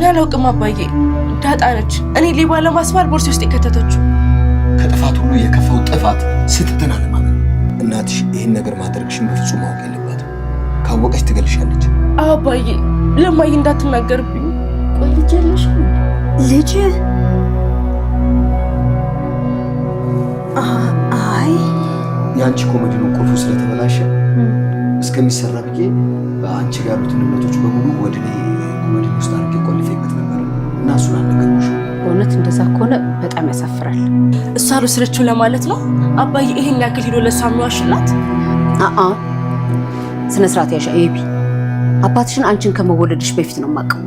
እኔ አላውቅም አባዬ፣ ዳጣ ነች። እኔ ሌባ ለማስባል ቦርሴ ውስጥ የከተተችው። ከጥፋት ሁሉ የከፋው ጥፋት ስትትን አለማመን። እናትሽ ይህን ነገር ማድረግሽን በፍጹም ማወቅ የለባትም። ካወቀች ትገልሻለች። አባዬ፣ ለማይ እንዳትናገርብኝ። ቆይ ልጅ ያለሽ ልጅ አይ የአንቺ ኮሜዲኑ ቁልፉ ስለተበላሸ እስከሚሰራ ብዬ አንቺ ጋር ያሉትን እምነቶች በሙሉ ወደ እኔ ወዲህ ውስጥ አድርጌ ቆልፌበት ነበር እና እሱን አልነገርኩሽ። በእውነት እንደዛ ከሆነ በጣም ያሳፍራል። እሷ አልወሰደችው ለማለት ነው አባዬ? ይሄን ያክል ሄዶ ለእሷ የሚዋሽላት አአ ስነ ስርዓት ያሻ ኤቢ፣ አባትሽን አንቺን ከመወለድሽ በፊት ነው የማውቀው።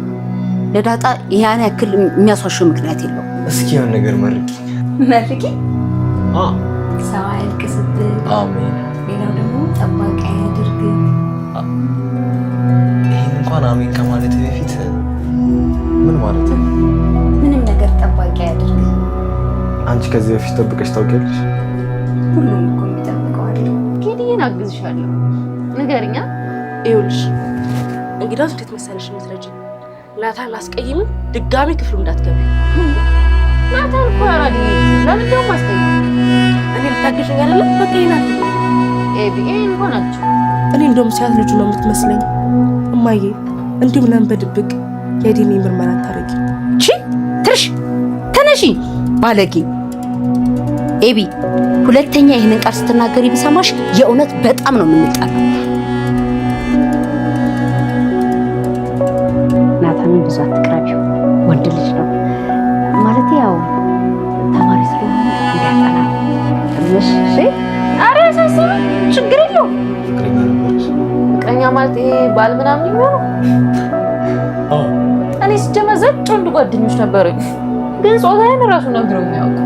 ለዳጣ ያን ያክል የሚያስዋሸው ምክንያት የለው። እስኪ ያን ነገር መርቂ መርቂ። ሰው አያልቅስብህ። አሜን። ሌላው ደግሞ ጠባቂ አያድርግህ። ይህን እንኳን አሜን ከማለት በፊት ምን ማለት ነው? ምንም ነገር ጠባቂ አያደርግ። አንቺ ከዚህ በፊት ጠብቀሽ ታውቂያለሽ? ሁሉም እኮ የሚጠብቀው አለ። ኬድዬን አግዝሻለሁ። ንገሪኛ። ይኸውልሽ እንግዲያውስ እንዴት መሰለሽ የምትረጂ ናታን ላስቀይም፣ ድጋሚ ክፍሉ እንዳትገቢ። ናታን እኮ ያራድ ለምን ደሞ አስቀይም። እኔ ልታገሽኝ ያለለ በቀይና ይናት ኤቢኤን ሆናችሁ እኔ እንደውም ሲያት ልጁ ነው የምትመስለኝ። እማዬ እንዲሁ ለምን በድብቅ የዲኒ ምርመራ ታረጊ። እቺ ትርሽ ተነሺ፣ ባለጌ ኤቢ፣ ሁለተኛ ይህንን ቃል ስትናገሪ ቢሰማሽ የእውነት በጣም ነው የምንጣል። ናታንን ብዙ አትቅረቢ፣ ወንድ ልጅ ነው ማለት ያው ተማሪ ስለሆነ እንዳያጠና ችግር የለው። ፍቅረኛ ማለት ይሄ ባል ምናምን ይሆ እኔ ስጀመር ዘጭ ወንድ ጓደኞች ነበሩኝ፣ ግን ጾታዬን እራሱ ነግረው የሚያውቁ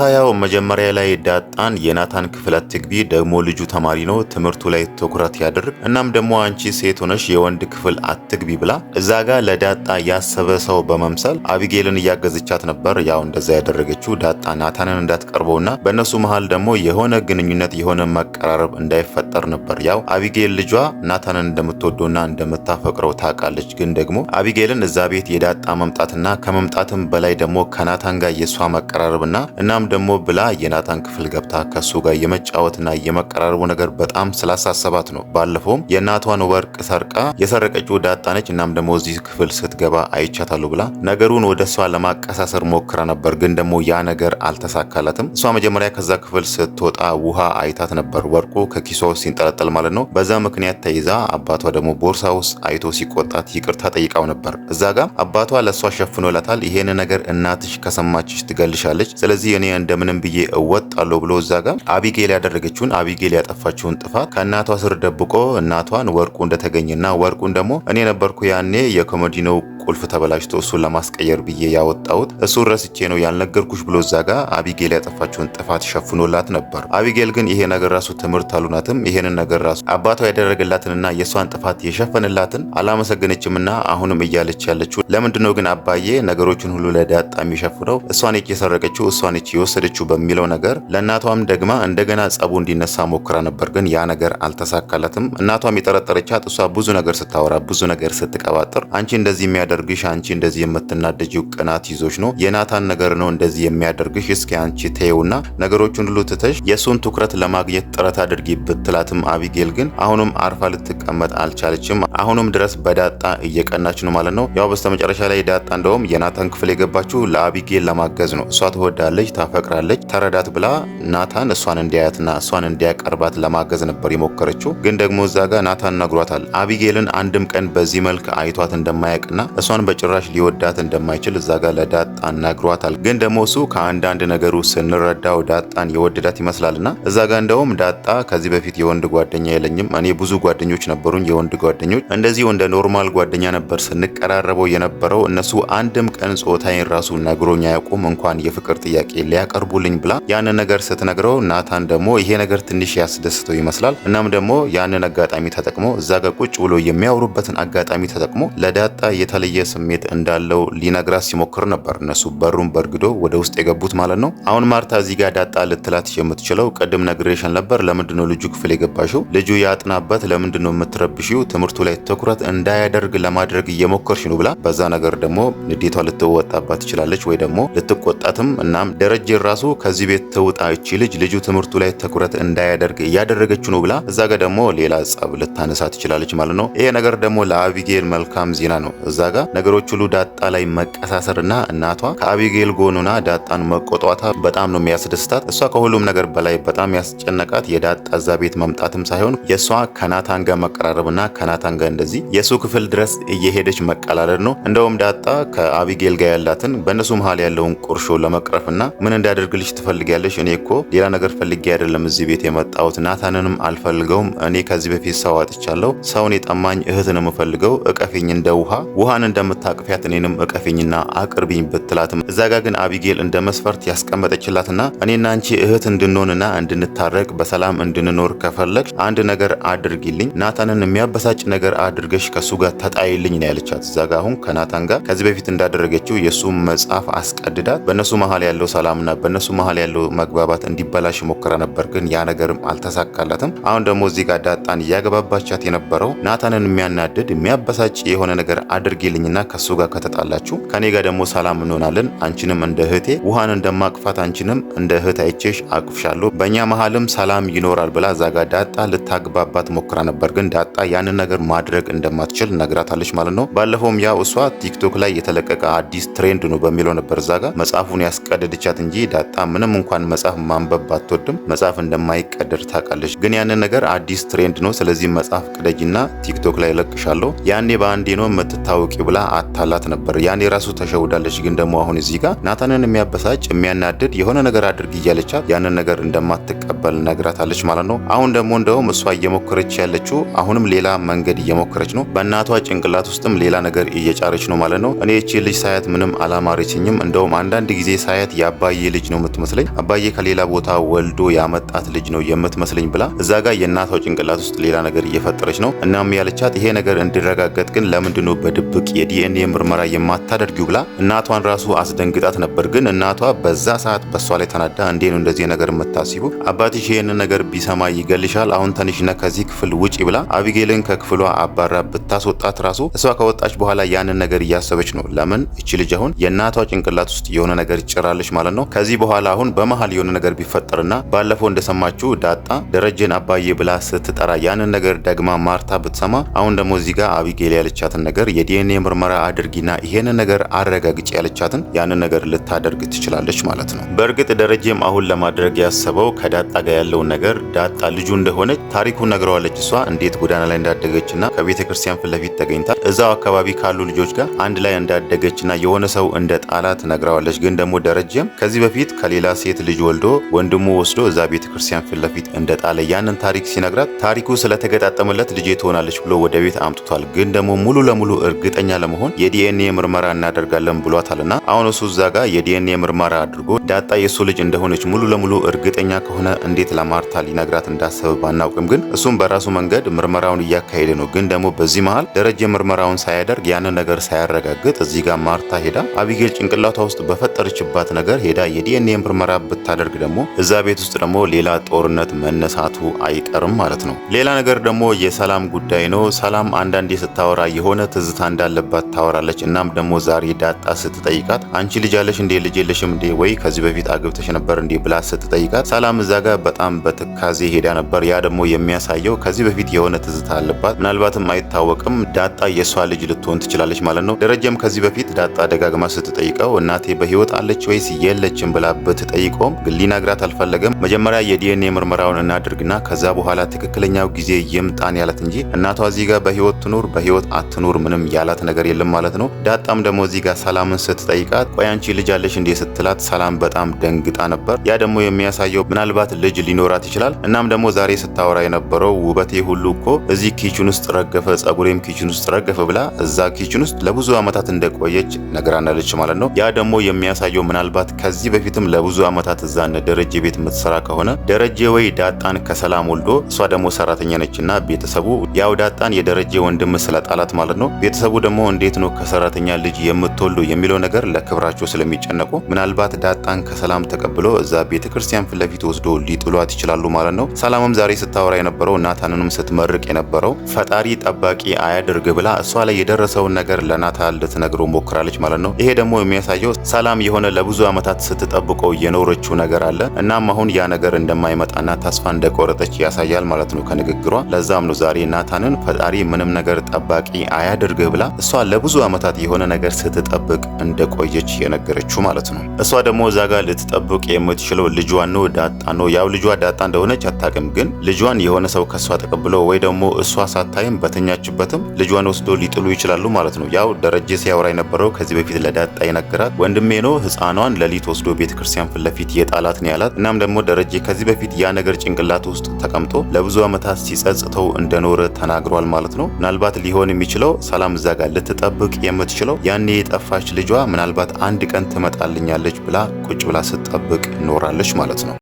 ተከታያው መጀመሪያ ላይ ዳጣን የናታን ክፍል አትግቢ፣ ደግሞ ልጁ ተማሪ ነው፣ ትምህርቱ ላይ ትኩረት ያደርግ እናም ደግሞ አንቺ ሴት ሆነሽ የወንድ ክፍል አትግቢ ብላ እዛ ጋር ለዳጣ ያሰበ ሰው በመምሰል አቢጌልን እያገዝቻት ነበር። ያው እንደዛ ያደረገችው ዳጣ ናታንን እንዳትቀርበውና በእነሱ መሀል ደግሞ የሆነ ግንኙነት የሆነ መቀራረብ እንዳይፈጠር ነበር። ያው አቢጌል ልጇ ናታንን እንደምትወደውና እንደምታፈቅረው ታውቃለች። ግን ደግሞ አቢጌልን እዛ ቤት የዳጣ መምጣትና ከመምጣትም በላይ ደግሞ ከናታን ጋር የእሷ መቀራረብና እናም ደግሞ ብላ የናታን ክፍል ገብታ ከሱ ጋር የመጫወትና የመቀራረቡ ነገር በጣም ስላሳሰባት ነው። ባለፈውም የእናቷን ወርቅ ሰርቃ የሰረቀችው ዳጣነች። እናም ደግሞ እዚህ ክፍል ስትገባ አይቻታሉ ብላ ነገሩን ወደ እሷ ለማቀሳሰር ሞክራ ነበር። ግን ደግሞ ያ ነገር አልተሳካላትም። እሷ መጀመሪያ ከዛ ክፍል ስትወጣ ውሃ አይታት ነበር፣ ወርቁ ከኪሷ ውስጥ ሲንጠለጠል ማለት ነው። በዛ ምክንያት ተይዛ አባቷ ደግሞ ቦርሳ ውስጥ አይቶ ሲቆጣት ይቅርታ ጠይቃው ነበር። እዛ ጋ አባቷ ለእሷ ሸፍኖላታል። ይሄን ነገር እናትሽ ከሰማችሽ ትገልሻለች። ስለዚህ እኔ እንደምንም ብዬ እወጣለሁ ብሎ እዛ ጋር አቢጌል ያደረገችውን አቢጌል ያጠፋችውን ጥፋት ከእናቷ ስር ደብቆ እናቷን ወርቁ እንደተገኘና ወርቁን ደግሞ እኔ ነበርኩ ያኔ የኮመዲነው ቁልፍ ተበላሽቶ እሱን ለማስቀየር ብዬ ያወጣሁት እሱን ረስቼ ነው ያልነገርኩሽ ብሎ እዛ ጋ አቢጌል ያጠፋችውን ጥፋት ሸፍኖላት ነበር። አቢጌል ግን ይሄ ነገር ራሱ ትምህርት አሉናትም ይሄንን ነገር ራሱ አባቷ ያደረገላትንና የእሷን ጥፋት የሸፈንላትን አላመሰገነችምና አሁንም እያለች ያለችው ለምንድነው ግን አባዬ ነገሮችን ሁሉ ለዳጣ የሚሸፍነው እሷ ነች የሰረቀችው እሷ ነች የወሰደችው በሚለው ነገር ለእናቷም ደግማ እንደገና ጸቡ እንዲነሳ ሞክራ ነበር፣ ግን ያ ነገር አልተሳካለትም። እናቷም የጠረጠረቻት እሷ ብዙ ነገር ስታወራ፣ ብዙ ነገር ስትቀባጥር፣ አንቺ እንደዚህ የሚያደርግሽ አንቺ እንደዚህ የምትናደጂው ቅናት ይዞች ነው የናታን ነገር ነው እንደዚህ የሚያደርግሽ እስኪ አንቺ ተይውና ነገሮቹን ሁሉ ትተሽ የእሱን ትኩረት ለማግኘት ጥረት አድርጊ ብትላትም አቢጌል ግን አሁንም አርፋ ልትቀመጥ አልቻለችም። አሁንም ድረስ በዳጣ እየቀናች ነው ማለት ነው። ያው በስተመጨረሻ ላይ ዳጣ እንደውም የናታን ክፍል የገባችው ለአቢጌል ለማገዝ ነው። እሷ ትወዳለች ታፈ ታፈቅራለች ተረዳት ብላ ናታን እሷን እንዲያያትና እሷን እንዲያቀርባት ለማገዝ ነበር የሞከረችው። ግን ደግሞ እዛ ጋር ናታን ነግሯታል አቢጌልን አንድም ቀን በዚህ መልክ አይቷት እንደማያውቅና እሷን በጭራሽ ሊወዳት እንደማይችል እዛ ጋር ለዳጣ ነግሯታል። ግን ደግሞ እሱ ከአንዳንድ ነገሩ ስንረዳው ዳጣን የወደዳት ይመስላልና እዛ ጋር እንደውም ዳጣ ከዚህ በፊት የወንድ ጓደኛ የለኝም፣ እኔ ብዙ ጓደኞች ነበሩኝ፣ የወንድ ጓደኞች እንደዚሁ እንደ ኖርማል ጓደኛ ነበር ስንቀራረበው የነበረው እነሱ አንድም ቀን ጾታዬን ራሱ ነግሮኝ አያውቁም እንኳን የፍቅር ጥያቄ ሊያ ያቀርቡልኝ ብላ ያን ነገር ስትነግረው ናታን ደግሞ ይሄ ነገር ትንሽ ያስደስተው ይመስላል። እናም ደግሞ ያንን አጋጣሚ ተጠቅሞ እዛ ጋር ቁጭ ብሎ የሚያወሩበትን አጋጣሚ ተጠቅሞ ለዳጣ የተለየ ስሜት እንዳለው ሊነግራት ሲሞክር ነበር። እነሱ በሩን በርግዶ ወደ ውስጥ የገቡት ማለት ነው። አሁን ማርታ እዚህ ጋር ዳጣ ልትላት የምትችለው ቅድም ነግሬሽን ነበር፣ ለምንድነው ልጁ ክፍል የገባሽው? ልጁ ያጥናበት ለምንድነው የምትረብሽው? ትምህርቱ ላይ ትኩረት እንዳያደርግ ለማድረግ እየሞከርሽ ነው ብላ በዛ ነገር ደግሞ ንዴቷ ልትወጣባት ትችላለች ወይ ደግሞ ልትቆጣትም እናም ደረጀ ልጅ ራሱ ከዚህ ቤት ትውጣ ልጅ ልጁ ትምህርቱ ላይ ትኩረት እንዳያደርግ እያደረገችው ነው ብላ እዛ ጋር ደግሞ ሌላ ጸብ ልታነሳ ትችላለች ማለት ነው። ይሄ ነገር ደግሞ ለአቢጌል መልካም ዜና ነው። እዛ ጋር ነገሮች ሁሉ ዳጣ ላይ መቀሳሰርና እናቷ ከአቢጌል ጎኑና ዳጣን መቆጧታ በጣም ነው የሚያስደስታት። እሷ ከሁሉም ነገር በላይ በጣም ያስጨነቃት የዳጣ እዛ ቤት መምጣትም ሳይሆን የእሷ ከናታን ጋር መቀራረብና ከናታን ጋር እንደዚህ የእሱ ክፍል ድረስ እየሄደች መቀላለድ ነው። እንደውም ዳጣ ከአቢጌል ጋር ያላትን በእነሱ መሀል ያለውን ቁርሾ ለመቅረፍና ምን እንዳደርግልሽ ትፈልጊያለሽ? እኔ እኮ ሌላ ነገር ፈልጌ አይደለም እዚህ ቤት የመጣሁት። ናታንንም አልፈልገውም። እኔ ከዚህ በፊት ሰው አጥቻለሁ። ሰውን የጠማኝ እህት ነው የምፈልገው። እቀፊኝ እንደ ውሃ ውሃን እንደምታቅፊያት እኔንም እቀፊኝና አቅርቢኝ ብትላትም እዛ ጋ ግን አቢጌል እንደ መስፈርት ያስቀመጠችላትና እኔና አንቺ እህት እንድንሆንና እንድንታረቅ በሰላም እንድንኖር ከፈለግሽ አንድ ነገር አድርጊልኝ፣ ናታንን የሚያበሳጭ ነገር አድርገሽ ከሱ ጋር ተጣይልኝ ነው ያለቻት። እዛ ጋ አሁን ከናታን ጋር ከዚህ በፊት እንዳደረገችው የእሱ መጽሐፍ አስቀድዳት በእነሱ መሀል ያለው ሰላም እና በእነሱ መሀል ያለው መግባባት እንዲበላሽ ሞክራ ነበር፣ ግን ያ ነገርም አልተሳካላትም። አሁን ደግሞ እዚህ ጋር ዳጣን እያገባባቻት የነበረው ናታንን የሚያናድድ የሚያበሳጭ የሆነ ነገር አድርጌልኝና ከሱ ጋር ከተጣላችሁ ከኔ ጋር ደግሞ ሰላም እንሆናለን። አንቺንም እንደ እህቴ ውሃን እንደማቅፋት አንቺንም እንደ እህት አይቼሽ አቅፍሻለሁ፣ በእኛ መሀልም ሰላም ይኖራል ብላ እዛ ጋር ዳጣ ልታግባባት ሞክራ ነበር፣ ግን ዳጣ ያንን ነገር ማድረግ እንደማትችል ነግራታለች ማለት ነው። ባለፈውም ያው እሷ ቲክቶክ ላይ የተለቀቀ አዲስ ትሬንድ ነው በሚለው ነበር እዛ ጋር መጽሐፉን ያስቀደድቻት እንጂ እንጂ ዳጣ ምንም እንኳን መጽሐፍ ማንበብ ባትወድም መጽሐፍ እንደማይቀደድ ታውቃለች። ግን ያንን ነገር አዲስ ትሬንድ ነው፣ ስለዚህ መጽሐፍ ቅደጅና ቲክቶክ ላይ ለቅሻለሁ ያኔ በአንዴ ነው የምትታወቂ ብላ አታላት ነበር። ያኔ ራሱ ተሸውዳለች። ግን ደግሞ አሁን እዚህ ጋር ናታንን የሚያበሳጭ የሚያናድድ የሆነ ነገር አድርግ እያለቻት ያንን ነገር እንደማትቀበል ነግራታለች ማለት ነው። አሁን ደግሞ እንደውም እሷ እየሞከረች ያለችው አሁንም ሌላ መንገድ እየሞከረች ነው። በእናቷ ጭንቅላት ውስጥም ሌላ ነገር እየጫረች ነው ማለት ነው። እኔ እቺ ልጅ ሳያት ምንም አላማረችኝም። እንደውም አንዳንድ ጊዜ ሳያት ያባዬ የአባዬ ልጅ ነው የምትመስለኝ፣ አባዬ ከሌላ ቦታ ወልዶ ያመጣት ልጅ ነው የምትመስለኝ ብላ እዛ ጋር የእናቷ ጭንቅላት ውስጥ ሌላ ነገር እየፈጠረች ነው። እናም ያለቻት ይሄ ነገር እንዲረጋገጥ ግን ለምንድን በድብቅ የዲኤንኤ ምርመራ የማታደርጊው ብላ እናቷን ራሱ አስደንግጣት ነበር። ግን እናቷ በዛ ሰዓት በእሷ ላይ ተናዳ እንዴ ነው እንደዚህ ነገር የምታስቡ? አባትሽ ይህን ነገር ቢሰማ ይገልሻል። አሁን ተንሽነ ከዚህ ክፍል ውጪ ብላ አቢጌልን ከክፍሏ አባራ ብታስወጣት ራሱ እሷ ከወጣች በኋላ ያንን ነገር እያሰበች ነው። ለምን እች ልጅ አሁን የእናቷ ጭንቅላት ውስጥ የሆነ ነገር ጭራለች ማለት ነው። ከዚህ በኋላ አሁን በመሀል የሆነ ነገር ቢፈጠርና ባለፈው እንደሰማችሁ ዳጣ ደረጀን አባዬ ብላ ስትጠራ ያንን ነገር ደግማ ማርታ ብትሰማ አሁን ደግሞ እዚህ ጋር አቢጌል ያለቻትን ነገር የዲኤንኤ ምርመራ አድርጊና ይሄንን ነገር አረጋግጭ ያለቻትን ያንን ነገር ልታደርግ ትችላለች ማለት ነው። በእርግጥ ደረጀም አሁን ለማድረግ ያሰበው ከዳጣ ጋር ያለውን ነገር ዳጣ ልጁ እንደሆነች ታሪኩ ነግረዋለች። እሷ እንዴት ጎዳና ላይ እንዳደገችና ከቤተ ክርስቲያን ፊት ለፊት ተገኝታ እዛው አካባቢ ካሉ ልጆች ጋር አንድ ላይ እንዳደገችና የሆነ ሰው እንደ ጣላት ነግረዋለች። ግን ደግሞ ደረጀም ከዚህ በፊት ከሌላ ሴት ልጅ ወልዶ ወንድሙ ወስዶ እዛ ቤተ ክርስቲያን ፊት ለፊት እንደጣለ ያንን ታሪክ ሲነግራት ታሪኩ ስለተገጣጠመለት ልጄ ትሆናለች ብሎ ወደ ቤት አምጥቷል። ግን ደግሞ ሙሉ ለሙሉ እርግጠኛ ለመሆን የዲኤንኤ ምርመራ እናደርጋለን ብሏታልና አሁን እሱ እዛ ጋር የዲኤንኤ ምርመራ አድርጎ ዳጣ የእሱ ልጅ እንደሆነች ሙሉ ለሙሉ እርግጠኛ ከሆነ እንዴት ለማርታ ሊነግራት እንዳሰበ ባናውቅም፣ ግን እሱም በራሱ መንገድ ምርመራውን እያካሄደ ነው። ግን ደግሞ በዚህ መሀል ደረጀ ምርመራውን ሳያደርግ ያንን ነገር ሳያረጋግጥ እዚህ ጋር ማርታ ሄዳ አቢጌል ጭንቅላቷ ውስጥ በፈጠረችባት ነገር ሄዳ የዲኤንኤ ምርመራ ብታደርግ ደግሞ እዛ ቤት ውስጥ ደግሞ ሌላ ጦርነት መነሳቱ አይቀርም ማለት ነው። ሌላ ነገር ደግሞ የሰላም ጉዳይ ነው። ሰላም አንዳንዴ ስታወራ የሆነ ትዝታ እንዳለባት ታወራለች። እናም ደግሞ ዛሬ ዳጣ ስትጠይቃት አንቺ ልጅ አለሽ እንዴ? ልጅ የለሽም እንዴ? ወይ ከዚህ በፊት አግብተሽ ነበር እንዴ? ብላ ስትጠይቃት ሰላም እዛ ጋር በጣም በትካዜ ሄዳ ነበር። ያ ደግሞ የሚያሳየው ከዚህ በፊት የሆነ ትዝታ አለባት፣ ምናልባትም አይታወቅም። ዳጣ የእሷ ልጅ ልትሆን ትችላለች ማለት ነው። ደረጀም ከዚህ በፊት ዳጣ ደጋግማ ስትጠይቀው እናቴ በህይወት አለች ወይስ የለችም አልሰጠችም ብላ ብትጠይቀውም ግን ሊነግራት አልፈለገም። መጀመሪያ የዲኤንኤ ምርመራውን እናድርግና ከዛ በኋላ ትክክለኛው ጊዜ ይምጣን ያለት እንጂ እናቷ እዚህ ጋር በህይወት ትኑር በህይወት አትኑር ምንም ያላት ነገር የለም ማለት ነው። ዳጣም ደግሞ እዚህ ጋር ሰላምን ስትጠይቃት ቆያንቺ ልጅ አለሽ እንዴ ስትላት ሰላም በጣም ደንግጣ ነበር። ያ ደግሞ የሚያሳየው ምናልባት ልጅ ሊኖራት ይችላል። እናም ደግሞ ዛሬ ስታወራ የነበረው ውበቴ ሁሉ እኮ እዚህ ኪችን ውስጥ ረገፈ፣ ጸጉሬም ኪችን ውስጥ ረገፈ ብላ እዛ ኪችን ውስጥ ለብዙ ዓመታት እንደቆየች ነግራናለች ማለት ነው። ያ ደግሞ የሚያሳየው ምናልባት ከዚህ ከዚህ በፊትም ለብዙ ዓመታት እዛነ ደረጀ ቤት የምትሰራ ከሆነ ደረጀ ወይ ዳጣን ከሰላም ወልዶ እሷ ደግሞ ሰራተኛ ነችና ቤተሰቡ ያው ዳጣን የደረጀ ወንድም ስለጣላት ጣላት ማለት ነው። ቤተሰቡ ደግሞ እንዴት ነው ከሰራተኛ ልጅ የምትወልዱ የሚለው ነገር ለክብራቸው ስለሚጨነቁ ምናልባት ዳጣን ከሰላም ተቀብሎ እዛ ቤተ ክርስቲያን ፊት ለፊት ወስዶ ሊጥሏት ይችላሉ ማለት ነው። ሰላምም ዛሬ ስታወራ የነበረው ናታንንም ስትመርቅ የነበረው ፈጣሪ ጠባቂ አያድርግ ብላ እሷ ላይ የደረሰውን ነገር ለናታን ልትነግረው ሞክራለች ማለት ነው። ይሄ ደግሞ የሚያሳየው ሰላም የሆነ ለብዙ ዓመታት ስትጠብቀው የኖረችው ነገር አለ። እናም አሁን ያ ነገር እንደማይመጣና ተስፋ እንደቆረጠች ያሳያል ማለት ነው ከንግግሯ። ለዛም ነው ዛሬ ናታንን ፈጣሪ ምንም ነገር ጠባቂ አያድርግህ ብላ እሷ ለብዙ ዓመታት የሆነ ነገር ስትጠብቅ እንደቆየች የነገረችው ማለት ነው። እሷ ደግሞ እዛ ጋር ልትጠብቅ የምትችለው ልጇን ነው ዳጣ ነው። ያው ልጇ ዳጣ እንደሆነች አታቅም፣ ግን ልጇን የሆነ ሰው ከእሷ ተቀብሎ ወይ ደግሞ እሷ ሳታይም በተኛችበትም ልጇን ወስዶ ሊጥሉ ይችላሉ ማለት ነው። ያው ደረጀ ሲያወራ የነበረው ከዚህ በፊት ለዳጣ ይነገራት ወንድሜ ነው ህፃኗን ለሊት ወስዶ ተዋሕዶ ቤተክርስቲያን ፊት ለፊት የጣላት ነው ያላት። እናም ደግሞ ደረጀ ከዚህ በፊት ያ ነገር ጭንቅላት ውስጥ ተቀምጦ ለብዙ ዓመታት ሲጸጽተው እንደኖረ ተናግሯል ማለት ነው። ምናልባት ሊሆን የሚችለው ሰላም እዛ ጋር ልትጠብቅ የምትችለው ያኔ የጠፋች ልጇ ምናልባት አንድ ቀን ትመጣልኛለች ብላ ቁጭ ብላ ስትጠብቅ ኖራለች ማለት ነው።